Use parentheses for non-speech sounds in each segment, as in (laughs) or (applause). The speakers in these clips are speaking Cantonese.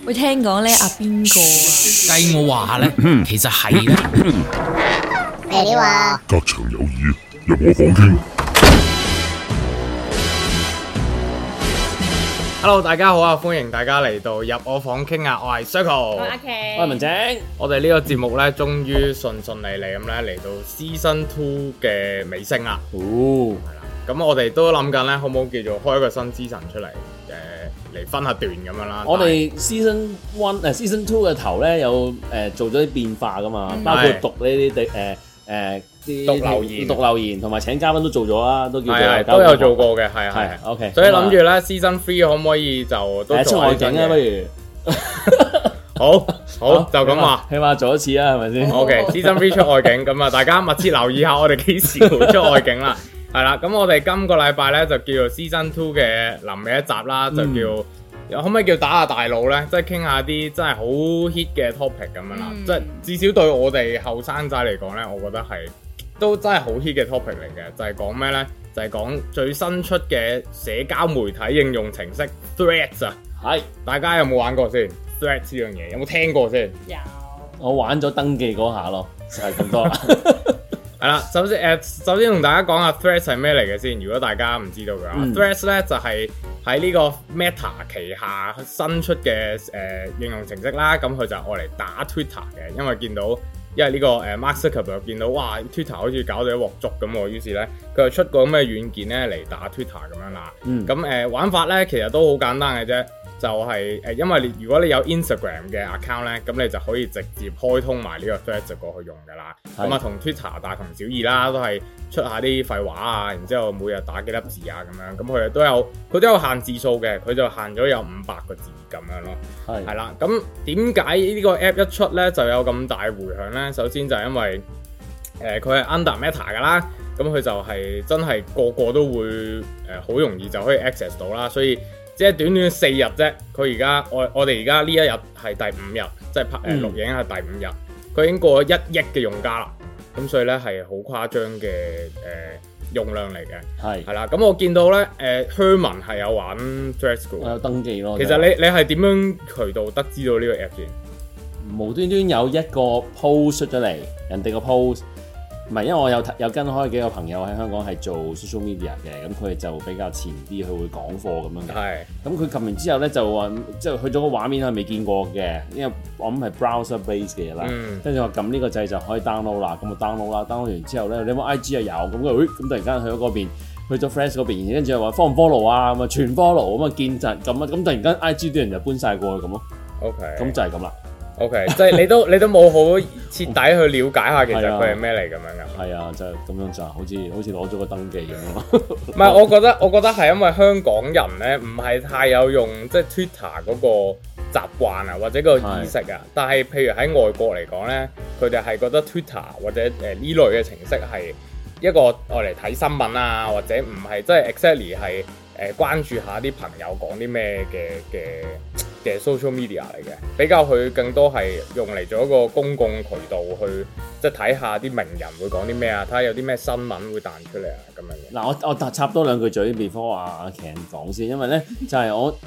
喂，會聽講咧，阿邊個計我話咧，其實係咧。你話 (noise) 隔牆有耳，入我房傾。Hello，大家好啊，歡迎大家嚟到入我房傾啊，我係 Circle，Okay. 我係阿 Can，我係文井。我哋呢個節目咧，終於順順利利咁咧嚟到 season two 嘅尾聲啦。 (noise) 哦，係啦。咁 (noise) 我哋都諗緊咧，可唔可叫做開一個新 season 出嚟？嚟分下段咁樣啦。我哋 season one 誒 season two，嘅頭咧有誒做咗啲變化噶嘛，包括讀呢啲誒誒讀留言、讀留言同埋請嘉賓都做咗啦，都叫都有做過嘅，係係 OK。所以諗住咧 season three 可唔可以就都出外景啊？不如好好就咁話，起碼做一次啦，係咪先？OK，season three 出外景咁啊，大家密切留意下，我哋幾時會出外景啦？係啦，咁我哋今個禮拜咧就叫做 Season Two 嘅臨尾一集啦，嗯、就叫可唔可以叫打下大佬呢？即係傾下啲真係好 hit 嘅 topic 咁樣啦。即係、嗯、至少對我哋後生仔嚟講呢，我覺得係都真係好 hit 嘅 topic 嚟嘅，就係講咩呢？就係、是、講最新出嘅社交媒體應用程式 Threads 啊！係，是大家有冇玩過先？Threads 呢樣嘢有冇聽過先？有，我玩咗登記嗰下咯，就係、是、咁多啦.。 (laughs) (laughs) 係啦，首先誒、呃，首先同大家講下 Threads 係咩嚟嘅先。如果大家唔知道嘅、嗯，Threads 咧就係喺呢個 Meta 旗下新出嘅誒、呃、應用程式啦。咁佢就愛嚟打 Twitter 嘅，因為見到因為呢、呢個誒、呃、Mark Zuckerberg 見到哇 Twitter 好似搞到一鑊粥咁喎，於是咧佢就出個咁嘅軟件咧嚟打 Twitter 咁樣啦。咁誒、嗯呃、玩法咧其實都好簡單嘅啫。就係、是、誒，因為你如果你有 Instagram 嘅 account 咧，咁你就可以直接開通埋呢個 thread 就過去用噶啦。咁啊是的 的，同 Twitter 大同小異啦，都係出下啲廢話啊，然之後每日打幾粒字啊咁樣。咁佢都有，佢都有限字數嘅，佢就限咗有五百個字咁樣咯。係係啦。咁點解呢個 app 一出咧就有咁大回響咧？首先就係因為誒佢係 under Meta 噶啦，咁佢就係真係個個都會誒好、呃、容易就可以 access 到啦，所以。即係短短四日啫，佢而家我我哋而家呢一日係第五日，即係拍誒、嗯、錄影係第五日，佢已經過咗一億嘅用家啦。咁所以咧係好誇張嘅誒、呃、用量嚟嘅。係係啦，咁我見到咧誒、呃、Herman 係有玩 Threads，有登記咯。其實你後你係點樣渠道得知到呢個 app 先？無端端有一個 post 出咗嚟，人哋個 post。唔係，因為我有有跟開幾個朋友喺香港係做 social media 嘅，咁佢就比較前啲，佢會講課咁樣嘅。係。咁佢撳完之後咧，就話即係去咗個畫面係未見過嘅，因為我諗係 browser base 嘅啦。嗯。跟住話撳呢個掣就可以 download 啦，咁就 download 啦。download 完之後咧，你冇 IG 又有，咁佢，咦？咁突然間去咗嗰邊，去咗 friends 嗰邊，跟住又話 follow 啊，咁啊全 follow，咁啊見陣撳啊，咁突然間 IG 啲人就搬晒過去咁咯。OK。咁就係咁啦。OK，即係你都你都冇好徹底去了解下其實佢係咩嚟咁樣噶？係啊，就係咁樣咋，好似好似攞咗個登記咁咯。唔係，我覺得我覺得係因為香港人咧唔係太有用即係、就是、Twitter 嗰個習慣啊，或者個意識啊。是但係譬如喺外國嚟講咧，佢哋係覺得 Twitter 或者誒呢、呃、類嘅程式係一個用嚟睇新聞啊，或者唔係即係、就是、exactly 係誒、呃、關注下啲朋友講啲咩嘅嘅。嘅 social media 嚟嘅，比較佢更多係用嚟做一個公共渠道去，即係睇下啲名人會講啲咩啊，睇下有啲咩新聞會彈出嚟啊咁樣嘅。嗱，我我插多兩句嘴 before 阿阿 Can 講先，因為咧就係、是、我。 (laughs)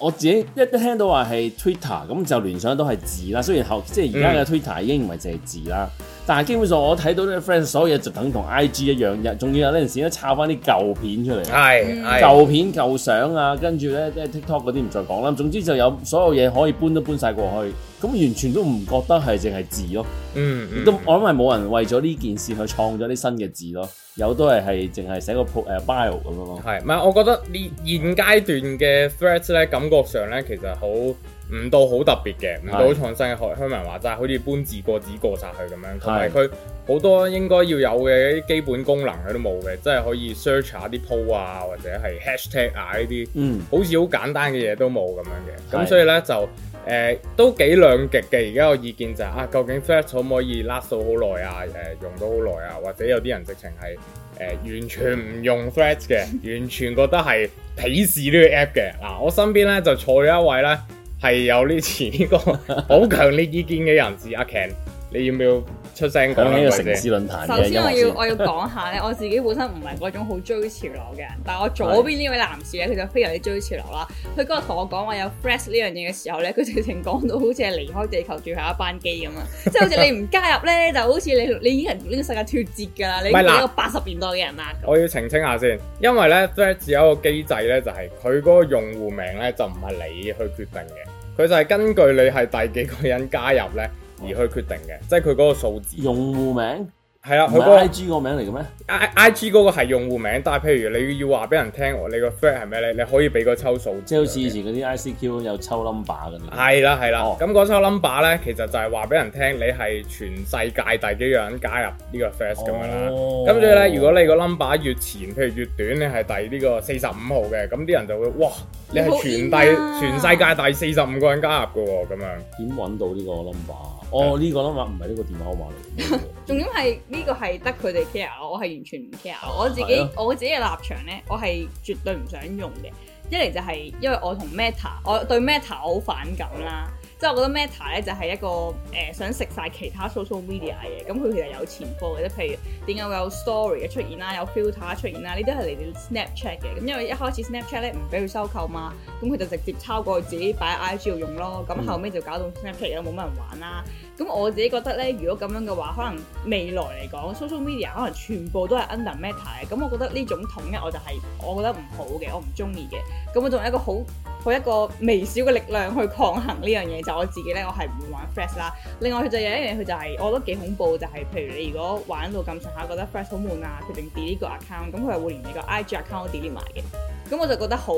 我自己一一聽到話係 Twitter 咁就聯想到係字啦，雖然後即係而家嘅 Twitter 已經唔係淨係字啦，嗯、但係基本上我睇到啲 friend 所有嘢就等同 IG 一樣，又仲要有陣時咧抄翻啲舊片出嚟，係、嗯、舊片、嗯、舊片舊相啊，跟住咧即係 TikTok 嗰啲唔再講啦。總之就有所有嘢可以搬都搬晒過去，咁完全都唔覺得係淨係字咯。嗯，亦都我諗係冇人為咗呢件事去創咗啲新嘅字咯。有都係係淨係寫個 po bio 咁樣咯。係，唔係？我覺得呢現階段嘅 Threads 咧，感覺上咧其實好唔到好特別嘅，唔到好創新嘅。學鄉民話齋，好似搬字過紙過晒去咁樣，同埋佢好多應該要有嘅一啲基本功能佢都冇嘅，即係可以 search 下啲 po 啊，或者係 hashtag 啊呢啲，嗯，好似好簡單嘅嘢都冇咁樣嘅。咁所以咧就。誒、呃、都幾兩極嘅，而家個意見就係、是、啊，究竟 Threads 可唔可以 last 到好耐啊？誒、呃、用到好耐啊，或者有啲人直情係誒完全唔用 Threads 嘅，完全覺得係鄙視呢個 app 嘅。嗱、啊，我身邊咧就坐咗一位咧係有呢次呢個好 (laughs) 強烈意見嘅人士，阿 Ken，你要唔要？出聲講喺個城市論壇。首先我要 (laughs) 我要講下咧，我自己本身唔係嗰種好追潮流嘅人，但係我左邊呢位男士咧，佢就非常之追潮流啦。佢嗰日同我講話有 Threads 呢樣嘢嘅時候咧，佢直情講到好似係離開地球最後一班機咁樣！ (laughs) 即係好似你唔加入咧，就好似你你已經係呢個世界脫節㗎啦！你已經係一個八十年代嘅人啦。 (laughs) 我要澄清下先，因為咧 Threads 有一個機制咧，就係佢嗰個用戶名咧就唔係你去決定嘅，佢就係根據你係第幾個人加入咧。而去決定嘅，即係佢嗰個數字。用戶名係啊，佢 I G 個名嚟嘅咩？I I G 嗰個係用戶名，但係譬如你要話俾人聽你個 Threads 係咩咧？你可以俾個抽數字，即係好似以前嗰啲 I C Q 有抽 number 嘅。係啦係啦，咁嗰、哦、抽 number 咧，其實就係話俾人聽你係全世界第幾個人加入呢個 Threads 咁樣啦。咁所以咧，如果你個 number 越前，譬如越短，你係第呢個四十五號嘅，咁啲人就會哇，你係全第、啊、全世界第四十五個人加入嘅喎，咁樣點揾到呢個 number？哦，呢、oh, Yeah. 個 n 嘛，唔係呢個電話號碼嚟。 (laughs) 重點係是呢 (laughs) 個係得佢哋 care，我係完全唔 care。 (laughs) 我自己 (laughs) 我自己嘅立場咧，我係絕對唔想用嘅。一嚟就係因為我同 Meta，我對 Meta 好反感啦。 (laughs) (laughs) 即係我覺得 Meta 咧就係一個誒、呃、想食晒其他 social media 嘅，咁佢其實有前科嘅，即譬如點解會有 Story 嘅出現啦，有 Filter 出現啦，呢啲係嚟自 Snapchat 嘅。咁因為一開始 Snapchat 咧唔俾佢收購嘛，咁佢就直接抄過去自己擺喺 IG 度用咯。咁後尾就搞到 Snapchat 有冇乜人玩啦。咁我自己覺得咧，如果咁樣嘅話，可能未來嚟講，social media 可能全部都係 under Meta 嘅。咁我覺得呢種統一我就係、是、我覺得唔好嘅，我唔中意嘅。咁我仲係一個好，佢一個微小嘅力量去抗衡呢樣嘢，就是、我自己咧，我係唔玩 Threads 啦。另外佢就有一樣嘢，佢就係、是、我覺得幾恐怖，就係、是、譬如你如果玩到咁上下，覺得 Threads 好悶啊，決定 delete 個 account，咁佢係會連你個 IG account 都 delete 埋嘅。咁我就覺得好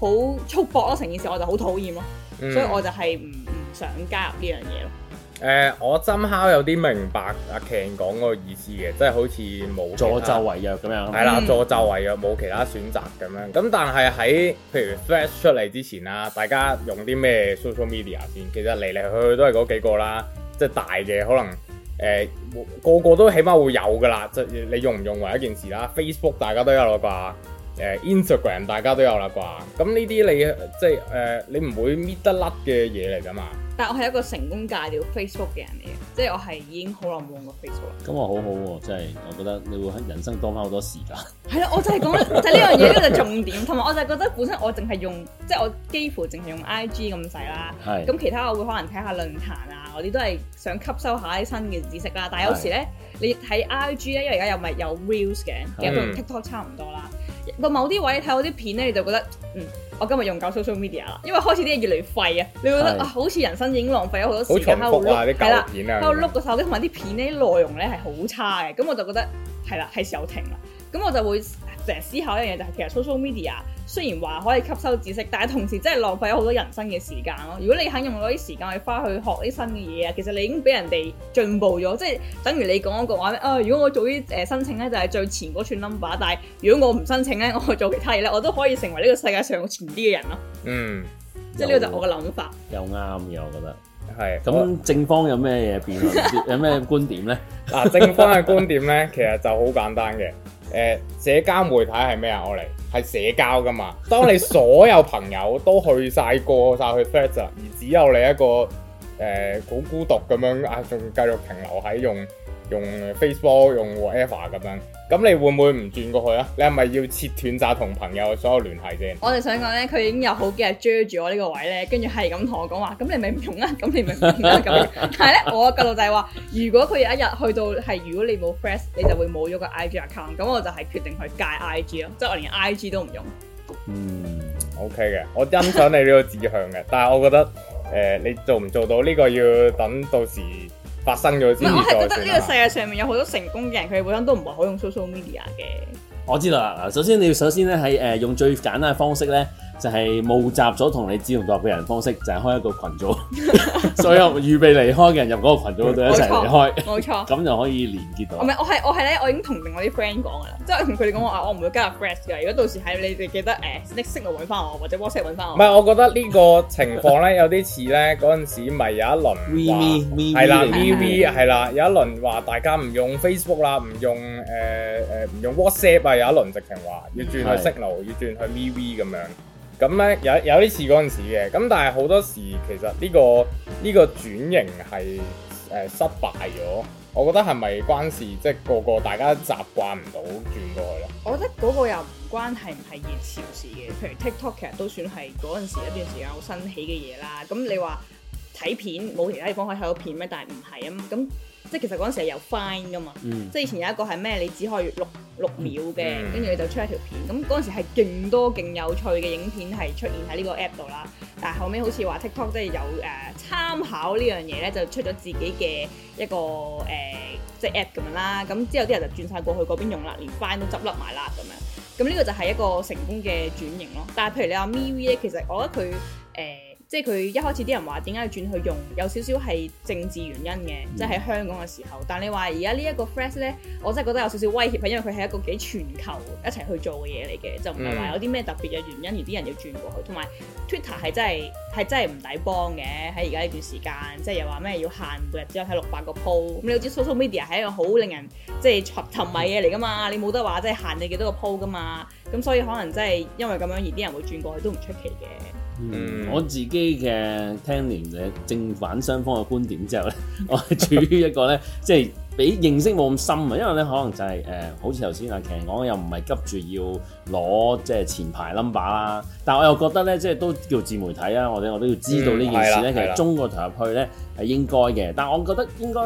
好粗暴咯，成、啊、件事我就好討厭咯、啊，嗯、所以我就係唔唔想加入呢樣嘢咯。誒、呃，我斟敲有啲明白阿 Ken 講嗰個意思嘅，即係好似冇助紂為虐咁樣。係、嗯、啦，助紂為虐冇其他選擇咁樣。咁但係喺譬如 Threads 出嚟之前啊，大家用啲咩 social media 先？其實嚟嚟去去都係嗰幾個啦，即係大嘅可能誒、呃，個個都起碼會有㗎啦。即係你用唔用為一件事啦。Facebook 大家都有啦啩，誒、呃、Instagram 大家都有啦啩。咁呢啲你即係誒、呃，你唔會搣得甩嘅嘢嚟㗎嘛？但我係一個成功戒掉 Facebook 嘅人嚟嘅，即係我係已經好耐冇用過 Facebook。咁我好好、啊、喎，即、就、係、是、我覺得你會喺人生多翻好多時間。係啦， (laughs) 我就係講就呢樣嘢，呢、這個就重點。同埋我就覺得本身我淨係用，即、就、係、是、我幾乎淨係用 IG 咁使啦。咁是其他我會可能睇下論壇啊，嗰啲都係想吸收下啲新嘅知識啦。但有時咧，是你睇 IG 咧，因為而家又咪有 Reels 嘅，嘅，同是 TikTok 差唔多啦。個某啲位睇我啲片咧，你就覺得嗯。我今日用夠 social media 啦，因為開始啲嘢越嚟越廢啊，你會覺得是啊，好似人生已經浪費咗好多時間喺度碌，係啦、啊，喺度碌個手機同埋啲片咧，啲內容咧係好差嘅，咁我就覺得係啦，係時候停啦，咁我就會成日思考一樣嘢，就係、是、其實 social media。雖然話可以吸收知識，但係同時真係浪費咗好多人生嘅時間咯。如果你肯用嗰啲時間去花去學啲新嘅嘢啊，其實你已經俾人哋進步咗。即係等於你講一個話咧啊！如果我早啲誒申請咧，就係最前嗰串 number，但係如果我唔申請咧，我去做其他嘢咧，我都可以成為呢個世界上前啲嘅人咯。嗯，即係呢個就我嘅諗法。又啱嘅，我覺得係。咁正方有咩嘢辯論有咩觀點咧？啊，正方嘅觀點咧，其實就好簡單嘅。誒，社交媒體係咩啊？我嚟係社交噶嘛？ (laughs) 當你所有朋友都去晒、過晒去 Threads 啦而只有你一個誒，好、呃、孤獨咁樣啊，仲繼續停留喺用。用 Facebook 用 whatever 咁樣，咁你會唔會唔轉過去啊？你係咪要切斷晒同朋友所有聯繫先？我哋想講咧，佢已經有好幾日遮住我呢個位咧，跟住係咁同我講話，咁你咪唔用啊？咁你咪唔用啦，啊、咁。 (laughs) 但係咧，我個老仔話，如果佢有一日去到係，如果你冇 friend 你就會冇咗個 IG account。咁我就係決定去戒 IG 咯，即係我連 IG 都唔用。嗯，OK 嘅，我欣賞你呢個志向嘅， (laughs) 但係我覺得誒、呃，你做唔做到呢、這個要等到時。發生咗，我係覺得呢個世界上面有好多成功嘅人，佢哋 (laughs) 本身都唔係好用 social media 嘅。我知道啦，首先你要首先咧，喺誒，用最簡單嘅方式咧。就係募集咗同你志同道合嘅人方式，就係開一個群組，所有預備離開嘅人入嗰個羣組都一齊離開，冇錯，咁就可以連結到。唔係，我係我係咧，我已經同另外啲 friend 講噶啦，即係同佢哋講話，我唔會加入 Grass 嘅。如果到時喺你哋記得誒，Signal 揾翻我或者 WhatsApp 揾翻我。唔係，我覺得呢個情況咧有啲似咧嗰陣時咪有一輪 MeWe。m 係啦 MeWe 係啦有一輪話大家唔用 Facebook 啦，唔用誒誒唔用 WhatsApp 啊，有一輪直情話要轉去 Signal，要轉去 MeWe 咁樣。咁咧有有啲似嗰陣時嘅，咁但係好多時其實呢、呢個呢、呢個轉型係誒、呃、失敗咗，我覺得是是係咪關事？即、就、係、是、個個大家習慣唔到轉過去咧、嗯。我覺得嗰個又唔關係唔係熱潮事嘅，譬如 TikTok 其實都算係嗰陣時一段時間好新起嘅嘢啦。咁你話？睇片冇其他地方可以睇到片咩？但係唔係啊？咁即係其實嗰陣時係有 Fine 噶嘛，嗯、即係以前有一個係咩？你只可以六六秒嘅，跟住你就出一條片。咁嗰陣時係勁多勁有趣嘅影片係出現喺呢個 App 度啦。但係後尾好似話 TikTok 即係有誒參、呃、考呢樣嘢咧，就出咗自己嘅一個誒、呃、即係 App 咁樣啦。咁之後啲人就轉晒過去嗰邊用啦，連 Fine 都執笠埋啦咁樣，咁呢個就係一個成功嘅轉型咯。但係譬如你話 MeWe 咧，其實我覺得佢誒。呃即係佢一開始啲人話點解要轉去用有少少係政治原因嘅，嗯、即係喺香港嘅時候。但你話而家呢一個 Threads 咧，我真係覺得有少少威脅嘅，因為佢係一個幾全球一齊去做嘅嘢嚟嘅，嗯、就唔係話有啲咩特別嘅原因而啲人要轉過去。同埋 Twitter 係真係係真係唔抵幫嘅喺而家呢段時間，即係又話咩要限每日只有睇六百個 post。咁你又知 social media 係一個好令人即係沉迷嘢嚟噶嘛？你冇得話即係限你幾多個 post 噶嘛？咁所以可能真係因為咁樣而啲人會轉過去都唔出奇嘅。嗯，我自己嘅聽完嘅正反雙方嘅觀點之後咧，我係處於一個咧， (laughs) 即係比認識冇咁深啊，因為咧可能就係、是、誒、呃，好似頭先阿琪講，又唔係急住要攞即係前排 number 啦，但係我又覺得咧，即係都叫自媒體啊，或者我都要知道呢件事咧，嗯、其實中國投入去咧係應該嘅，但我覺得應該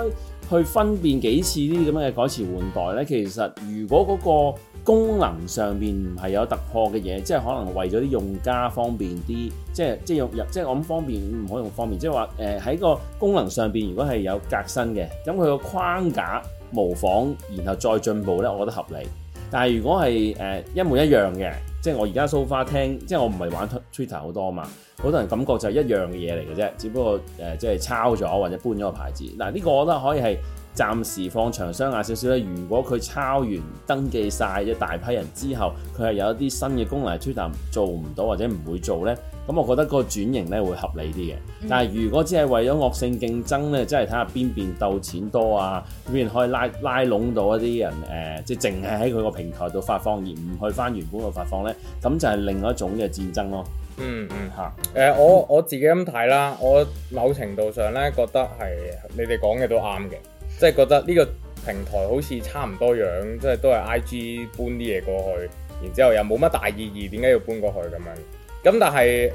去分辨幾次呢啲咁嘅改詞換代咧，其實如果嗰、那個功能上邊唔係有突破嘅嘢，即係可能為咗啲用家方便啲，即係即係用，即係我諗方便唔可以用方便，即係話誒喺個功能上邊，如果係有革新嘅，咁佢個框架模仿，然後再進步咧，我覺得合理。但係如果係誒、呃、一模一樣嘅，即係我而家 so far 聽，即係我唔係玩 Twitter 好多嘛，好多人感覺就係一樣嘅嘢嚟嘅啫，只不過誒即係抄咗或者搬咗個牌子。嗱呢個我覺得可以係。暫時放長雙眼少少咧。如果佢抄完登記晒一大批人之後，佢係有一啲新嘅功能，Twitter 做唔到或者唔會做咧，咁我覺得個轉型咧會合理啲嘅。但係如果只係為咗惡性競爭咧，即係睇下邊邊鬥錢多啊，邊可以拉拉攏到一啲人誒、呃，即係淨係喺佢個平台度發放而唔去翻原本度發放咧，咁就係另外一種嘅戰爭咯。嗯嗯嚇誒、啊呃，我我自己咁睇啦，我某程度上咧覺得係你哋講嘅都啱嘅。即係覺得呢個平台好似差唔多樣，即係都係 I G 搬啲嘢過去，然之後又冇乜大意義，點解要搬過去咁樣？咁但係誒，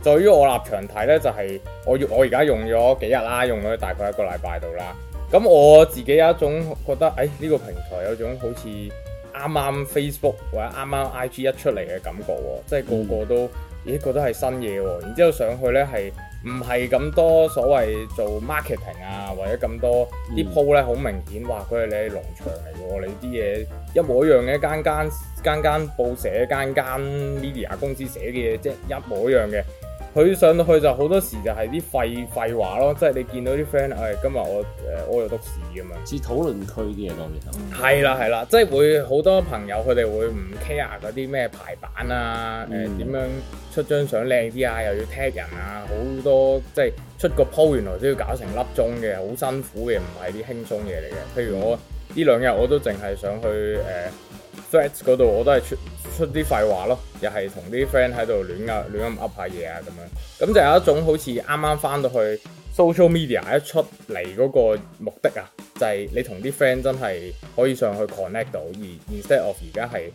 在、呃、於我立場睇呢，就係、是、我我而家用咗幾日啦，用咗大概一個禮拜度啦。咁我自己有一種覺得，誒、哎、呢、這個平台有種好似啱啱 Facebook 或者啱啱 I G 一出嚟嘅感覺喎，即係個個都、嗯、咦覺得係新嘢喎，然之後上去呢係。唔係咁多所謂做 marketing 啊，或者咁多啲鋪咧，好、嗯、明顯，話佢係你嘅農場嚟喎，你啲嘢一模一樣嘅，間間間間報社、間間 media 公司寫嘅嘢，即係一模一樣嘅。佢上到去就好多時就係啲廢廢話咯，即係你見到啲 friend 誒，今日我誒屙咗督屎咁樣。似討論區啲嘢當然係啦，係、嗯、啦係啦，即係會好多朋友佢哋會唔 care 嗰啲咩排版啊，誒、呃、點樣出張相靚啲啊，又要踢人啊，好多即係出個 po 原來都要搞成粒鐘嘅，好辛苦嘅，唔係啲輕鬆嘢嚟嘅。譬如我呢兩日我都淨係想去誒。呃 Threads 嗰度我都係出出啲廢話咯，又係同啲 friend 喺度亂噏亂噏噏下嘢啊咁樣，咁就有一種好似啱啱翻到去 social media 一出嚟嗰個目的啊，就係、是、你同啲 friend 真係可以上去 connect 到，而 instead of 而家係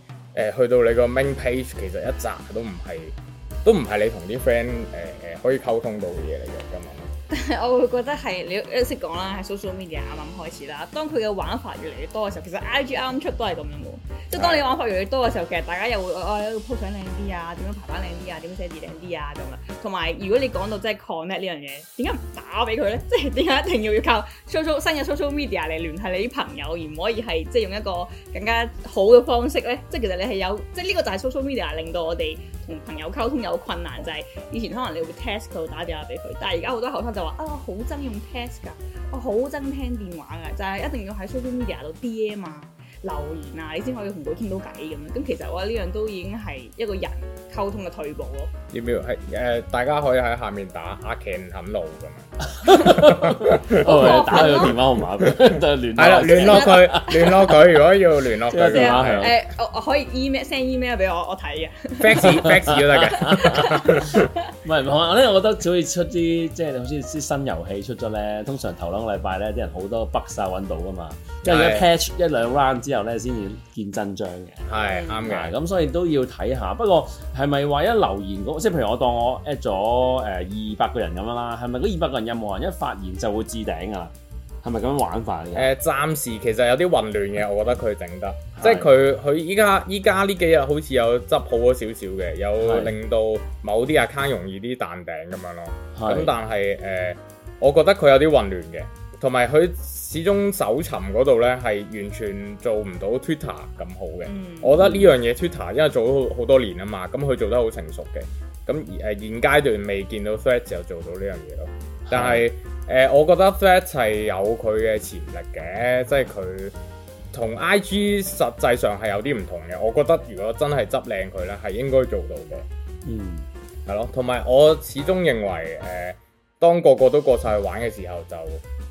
誒去到你個 main page 其實一閘都唔係都唔係你同啲 friend 誒誒可以溝通到嘅嘢嚟㗎嘛。但係 (laughs) 我會覺得係你你識講啦，係 social media 啱啱開始啦。當佢嘅玩法越嚟越多嘅時候，其實 IG 啱出都係咁樣喎。即係的當你玩法越嚟越多嘅時候，其實大家又會哦 po、哎、相靚啲啊，點,點樣排版靚啲啊，點樣寫字靚啲啊咁啊。同埋如果你講到真係 connect 呢樣嘢，點解唔打？打俾佢咧，即係點解一定要要靠 social 新嘅 social media 嚟聯繫你啲朋友，而唔可以係即係用一個更加好嘅方式咧？即係其實你係有，即係呢個就係 social media 令到我哋同朋友溝通有困難，就係、是、以前可能你會 text 佢打電話俾佢，但係而家好多後生就話啊好憎用 text 㗎，我好憎聽電話㗎，就係、是、一定要喺 social media 度 DM 嘛、啊。留言啊，你先可以同佢傾到偈咁樣。咁其實我覺得呢樣都已經係一個人溝通嘅退步咯。要唔要係大家可以喺下面打 can 肯路 l p 咁啊！我打個電話號碼俾，聯繫啦，聯絡佢，聯絡佢。如果要聯絡佢嘅話，係誒，我我可以 email send email 俾我我睇嘅。Fax，fax 都得嘅。唔係，我咧，我覺得好似出啲即係好似啲新遊戲出咗咧，通常頭兩個禮拜咧啲人好多北晒 c 揾到噶嘛。即跟住一 patch 一兩 round。之後咧先至見真章嘅，係啱嘅。咁 (noise) (noise) 所以都要睇下。不過係咪話一留言，即係譬如我當我 at 咗誒二百個人咁樣啦，係咪嗰二百個人有冇人一發言就會置頂噶、啊？係咪咁樣玩法嘅？誒、呃，暫時其實有啲混亂嘅，我覺得佢整得，即係佢佢依家依家呢幾日好似有執好咗少少嘅，有令到某啲 account 容易啲彈頂咁樣咯。咁是但係誒、呃，我覺得佢有啲混亂嘅，同埋佢。始終搜尋嗰度呢，係完全做唔到 Twitter 咁好嘅，嗯、我覺得呢樣嘢 Twitter 因為做咗好多年啊嘛，咁佢做得好成熟嘅，咁而誒現階段未見到 Threads 就做到呢樣嘢咯。的但係誒、呃，我覺得 Threads 係有佢嘅潛力嘅，即係佢同 IG 實際上係有啲唔同嘅。我覺得如果真係執靚佢呢，係應該做到嘅。嗯，係咯。同埋我始終認為誒、呃，當個個都過晒去玩嘅時候就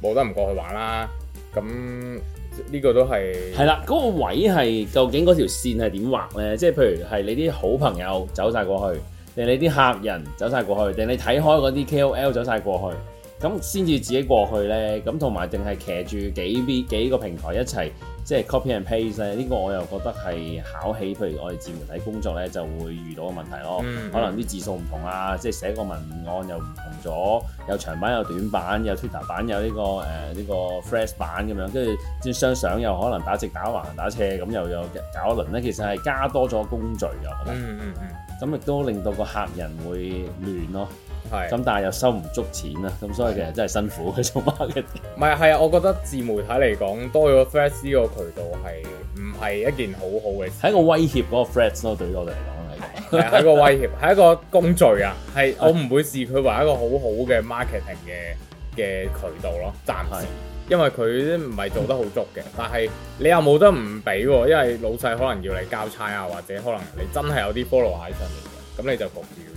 冇得唔過去玩啦，咁呢個都係係啦，嗰個位係究竟嗰條線係點畫咧？即係譬如係你啲好朋友走晒過去，定你啲客人走晒過去，定你睇開嗰啲 KOL 走晒過去，咁先至自己過去呢，咁同埋定係騎住幾 B 幾個平台一齊？即係 copy and paste 咧，呢個我又覺得係考起，譬如我哋自媒體工作咧，就會遇到個問題咯。嗯嗯、可能啲字數唔同啊，即係寫個文案又唔同咗，有長版有短版，有 Twitter 版有、這個，有、呃、呢、這個誒呢個 Flash 版咁樣，跟住啲雙相又可能打直打橫打斜咁，又有搞一輪咧，其實係加多咗工序㗎，我覺得。咁亦、嗯嗯嗯、都令到個客人會亂咯。咁是但係又收唔足錢啦，咁所以其實真係辛苦嘅的做 marketing。唔係係啊，我覺得自媒體嚟講多咗 Threads 呢個渠道係唔係一件好好嘅事。係一個威脅嗰個 Threads 咯，對於我哋嚟講係。係一個威脅，係 (laughs) 一個工序啊，係我唔會視佢為一個, (laughs) 一個好好嘅 marketing 嘅嘅渠道咯。暫時，的因為佢都唔係做得好足嘅， (laughs) 但係你又冇得唔俾，因為老細可能要你交差啊，或者可能你真係有啲 follower 喺上面嘅，咁你就焗住。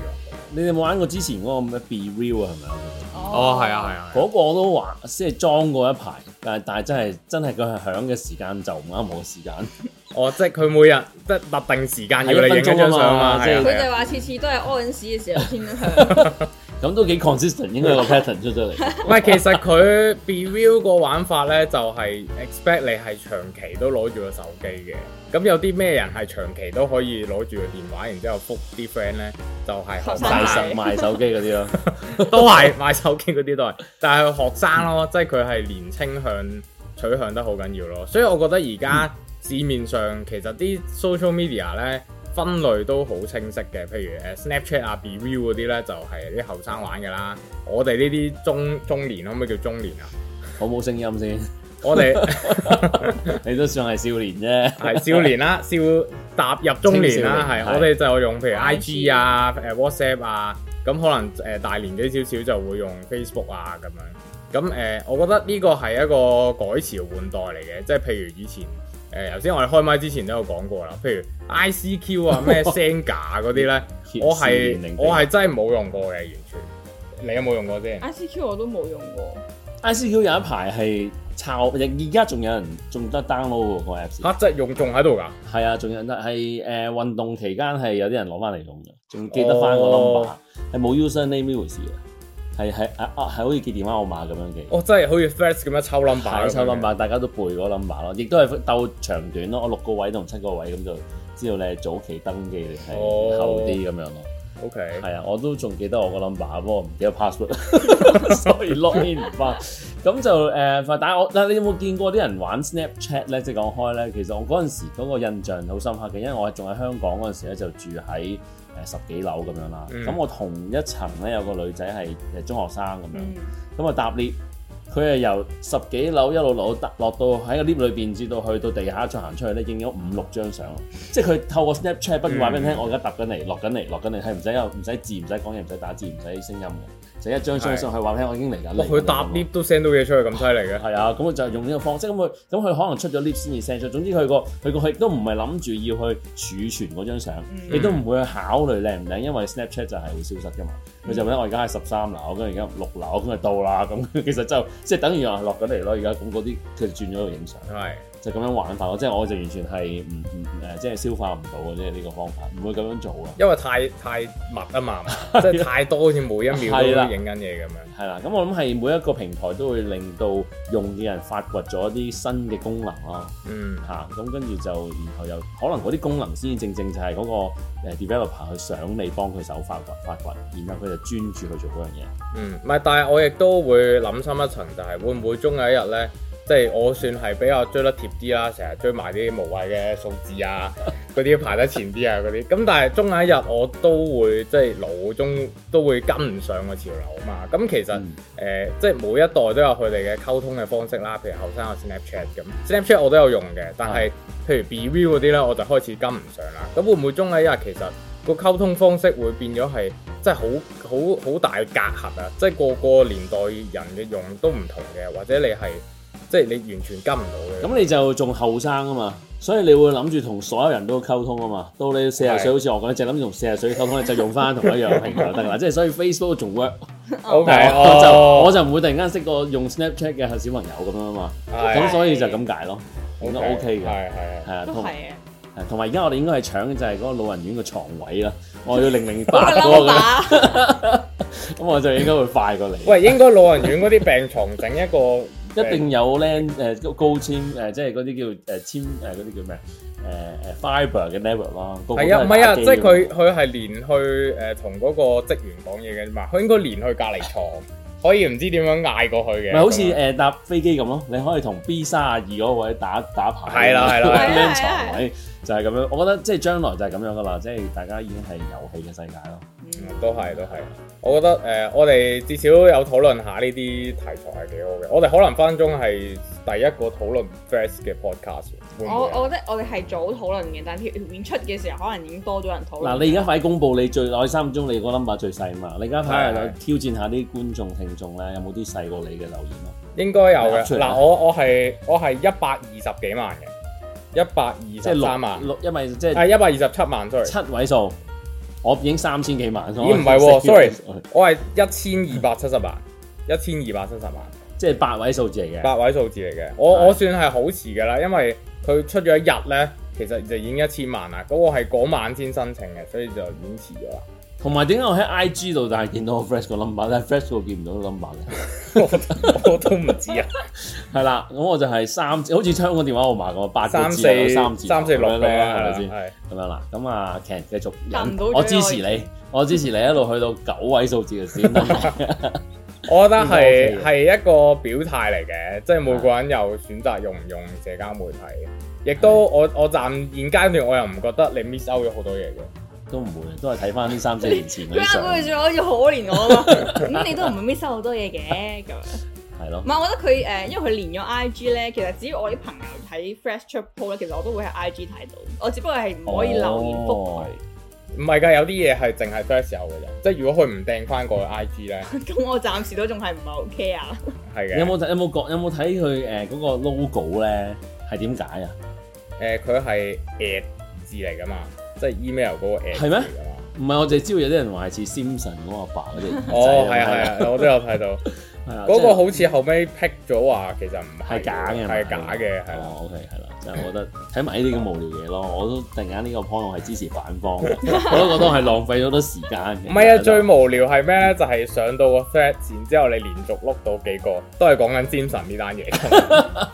你哋冇玩過之前嗰個咩 Be Real 啊？係咪哦，係啊，係啊，嗰個我都玩，即係裝過一排，但係但係真係真係佢係響嘅時間就唔啱我時間。 (laughs) 哦，即係佢每日即係特定時間要你影張相嘛，係佢哋話次次都係屙緊屎嘅時候先響。 (laughs) (laughs) 咁都幾 consistent，應該有個 pattern 出出嚟。唔係，其實佢 review 個玩法咧，就係、是、expect 你係長期都攞住個手機嘅。咁有啲咩人係長期都可以攞住個電話，然之後覆啲 friend 咧，就係學大手賣手機嗰啲咯， (laughs) 都係賣手機嗰啲都係。但、就、係、是、學生咯，即係佢係年青向取向得好緊要咯。所以我覺得而家市面上其實啲 social media 咧。分類都好清晰嘅，譬如 Snapchat 啊、b v e 嗰啲呢，就係啲後生玩嘅啦。我哋呢啲中中年可唔可以叫中年啊？好冇聲音先。我哋你都算係少年啫， (laughs) 係少年啦，少踏入中年啦，係。是對我哋就用譬如 IG 啊、誒、嗯、WhatsApp 啊，咁可能誒大年紀少少就會用 Facebook 啊咁樣。咁誒、呃，我覺得呢個係一個改朝換代嚟嘅，即係譬如以前。誒，頭先、呃、我哋開麥之前都有講過啦，譬如 ICQ 啊 s、 (laughs) 咩聲假嗰啲咧，定定我係我係真係冇用過嘅，完全。你有冇用過先？ICQ 我都冇用過。ICQ 有一排係抄，而而家仲有人仲得 download 個 Apps。即係用仲喺度㗎？係啊，仲、就是啊、有，得，係、呃、誒運動期間係有啲人攞翻嚟用嘅，仲記得翻個 number，係冇、哦、user name 呢回事嘅。係係啊啊，係好似接電話、哦、號碼咁樣嘅，我真係好似 flash 咁樣抽 number，抽 number，大家都背嗰 number 咯。亦都係鬥長短咯。我六個位同七個位咁就知道你係早期登記定係、哦、後啲咁樣咯。OK，係啊，我都仲記得我個 number，不過唔記得 password，所以 lock 唔翻。咁就誒，但我嗱，呃、但我但你有冇見過啲人玩 Snapchat 咧？即、就、係、是、講開咧，其實我嗰陣時嗰個印象好深刻嘅，因為我仲喺香港嗰陣時咧就住喺十幾樓咁樣啦，咁、嗯、我同一層咧有個女仔係誒中學生咁樣，咁啊、嗯、搭 lift，佢係由十幾樓一路落落到喺個 lift 裏邊，至到去到地下再行出去咧，影咗五六張相，即係佢透過 Snapchat 不斷話俾你聽，我而家搭緊嚟，落緊嚟，落緊嚟，係唔使有唔使字，唔使講嘢，唔使打字，唔使聲音嘅。就一張相上去話咧，的我已經嚟緊。佢、哦、搭 lift 都 send 到嘢出去咁犀利嘅。係啊，咁佢、哦、就用呢個方式咁佢，咁佢可能出咗 lift 先至 send 出。總之佢個佢個佢都唔係諗住要去儲存嗰張相，亦、嗯、都唔會去考慮靚唔靚，因為、嗯、Snapchat 就係會消失㗎嘛。佢、嗯、就話咧，我而家喺十三樓，咁而家六樓咁係、就是、到啦。咁其實就即係、就是、等於落緊嚟咯。而家咁嗰啲其實轉咗去影相。係。就咁樣玩法咯，即係我就完全係唔唔誒，即係消化唔到嘅，即係呢個方法，唔會咁樣做啦。因為太太密啊嘛， (laughs) 即係太多，好似每一秒都影緊嘢咁樣。係啦，咁我諗係每一個平台都會令到用嘅人發掘咗一啲新嘅功能咯。嗯，嚇，咁跟住就然後又可能嗰啲功能先正正就係嗰個誒 developer 去想你幫佢手發掘，發掘，然後佢就專注去做嗰樣嘢。嗯，唔係，但係我亦都會諗深一層，就係會唔會終有一日咧？即係我算係比較追得貼啲啦，成日追埋啲無謂嘅數字啊，嗰啲排得前啲啊嗰啲。咁但係終一日我都會即係老中都會跟唔上個潮流啊嘛。咁其實誒、嗯呃，即係每一代都有佢哋嘅溝通嘅方式啦。譬如後生用 Snapchat 咁，Snapchat 我都有用嘅，但係是譬如 Bv 嗰啲咧，我就開始跟唔上啦。咁會唔會終一日其實個溝通方式會變咗係即係好好好大嘅隔閡啊？即係個個年代人嘅用都唔同嘅，或者你係。即係你完全跟唔到嘅，咁你就仲後生啊嘛，所以你會諗住同所有人都溝通啊嘛。到你四十歲，好似我講，你淨諗住同四十歲溝通，你就用翻同一樣平台就得啦。即係所以 Facebook 仲 work，我就我就唔會突然間識個用 Snapchat 嘅小朋友咁啊嘛。咁所以就咁解咯，應該 OK 嘅。係係啊，都係啊，同埋而家我哋應該係搶就係嗰個老人院嘅床位啦。我要零零八個咁，咁我就應該會快過你。喂，應該老人院嗰啲病床整一個。一定有咧，誒高高纖，誒即係嗰啲叫誒纖，誒嗰啲叫咩啊？誒 fiber 嘅 level 咯。係啊，唔係啊，即係佢佢係連去誒同嗰個職員講嘢嘅嘛，佢應該連去隔離牀，可以唔知點樣嗌過去嘅。咪好似誒搭飛機咁咯，你可以同 B 三十二嗰位打打牌。係啦係啦，隔離牀位就係咁樣。我覺得即係將來就係咁樣噶啦，即係大家已經係遊戲嘅世界咯，嗯嗯。都係都係。我覺得誒、呃，我哋至少有討論下呢啲題材係幾好嘅。我哋可能分分鐘係第一個討論 Threads 嘅 Podcast。我我覺得我哋係早討論嘅，但條片出嘅時候可能已經多咗人討論。嗱，你而家快公布你最耐三五鐘，你個 number 最細嘛？你而家睇下挑戰下啲觀眾聽眾咧，有冇啲細過你嘅留言咧、啊？應該有嘅。嗱，我我係我係一百二十幾萬嘅，一百二十即係六、就是哎、萬六，即係係一百二十七萬 sorry，七位數。我已經三千幾萬咗，唔係、欸啊、 (laughs) ，sorry，我係一千二百七十萬，一千二百七十萬，即係八位數字嚟嘅，八位數字嚟嘅。我是的 我算係好遲噶啦，因為佢出咗一日呢，其實就已經一千萬啦。嗰、那個係嗰晚先申請嘅，所以就已經遲咗啦。同埋，點解我喺 IG 度但係見到我 fresh 個 number，但係 fresh 我見唔到個 number 嘅？我都唔知啊。係啦，咁我就係三好似香港電話號碼咁啊，八個字、三四三四六咧，係咪先？係咁樣啦。咁啊，Can 繼續，我支持你，我支持你一路去到九位數字就先。我覺得係係一個表態嚟嘅，即係每個人有選擇用唔用社交媒體。亦都我我暫現階段，我又唔覺得你 miss out 咗好多嘢嘅。都唔會，都係睇翻啲三四年前嘅。啲。 (laughs) 咩啊？嗰句好似可憐我咁。咁、 (laughs) 嗯、你都唔係 miss 收好多嘢嘅咁。係咯，唔係的我覺得佢誒，因為佢連咗 I G 咧，其實只要我啲朋友睇 fresh trip post，其實我都會喺 I G 睇到。我只不過係唔可以留言覆回。唔係㗎，有啲嘢係淨係 fresh 時候嘅啫。即係如果佢唔掟翻個 I G 咧，咁 (laughs) (laughs) 我暫時都仲係唔係 OK 呀？係嘅。有冇有冇各有冇睇佢誒嗰個 logo 咧？係點解啊？誒、呃，佢係 at 字嚟㗎嘛。即係 email 嗰個 app 嚟咩？唔係，我就係知道有啲人話係似 Samson 嗰個爸嗰隻。哦，係啊係啊，我都有睇到。嗰個好似後尾 pick 咗話，其實唔係假嘅，係假嘅。係啊，OK，係啦，就係我覺得睇埋呢啲咁無聊嘢咯。我都突然間呢個 point 我係支持反方，我都覺得係浪費咗好多時間嘅。唔係啊，最無聊係咩？就係上到 thread，然之後你連續碌到幾個都係講緊 Samson 呢單嘢。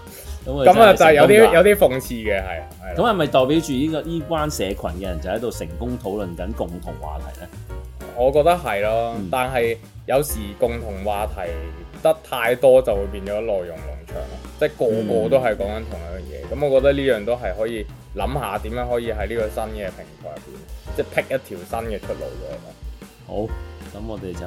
咁啊，就係有啲有啲諷刺嘅，係。咁係咪代表住呢、呢個呢關社群嘅人就喺度成功討論緊共同話題咧？我覺得係咯，嗯、但係有時共同話題得太多就會變咗內容農場，即係個個都係講緊同樣嘅嘢。咁、嗯、我覺得呢樣都係可以諗下點樣可以喺呢個新嘅平台入邊，即係劈一條新嘅出路嘅。好。咁我哋就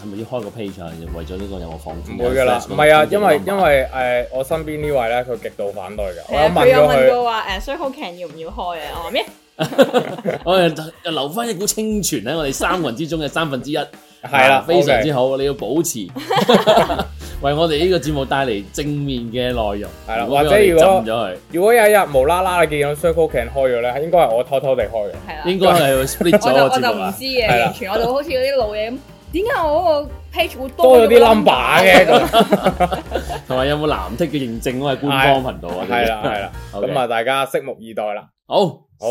係咪要開個 page？啊、為咗呢個有個防，唔會噶啦，唔係啊，因為因為誒，我身邊位呢位咧，佢極度反對嘅。的我有問過話誒，Circle Can 要唔要開啊？我話咩？ (laughs) (laughs) 我留翻一股清泉喺我哋三個人之中嘅三分之一，係啦 (laughs) 的，非常之好， (laughs) (laughs) 你要保持。 (laughs) 為我哋呢個節目帶嚟正面嘅內容，係啦，或者如果如果有一日無啦啦你見到 Circle Can 開咗咧，應該係我偷偷地開嘅，係啦，應該係 split 咗我知嘛？係啊，我就唔知嘅，完全我就好似嗰啲老嘢咁，點解我嗰個 page 會多咗啲 number 嘅？同埋有冇藍色嘅認證？我係官方頻道啊，係啦係啦，咁啊大家拭目以待啦。好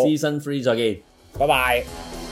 ，season three 再見，拜拜。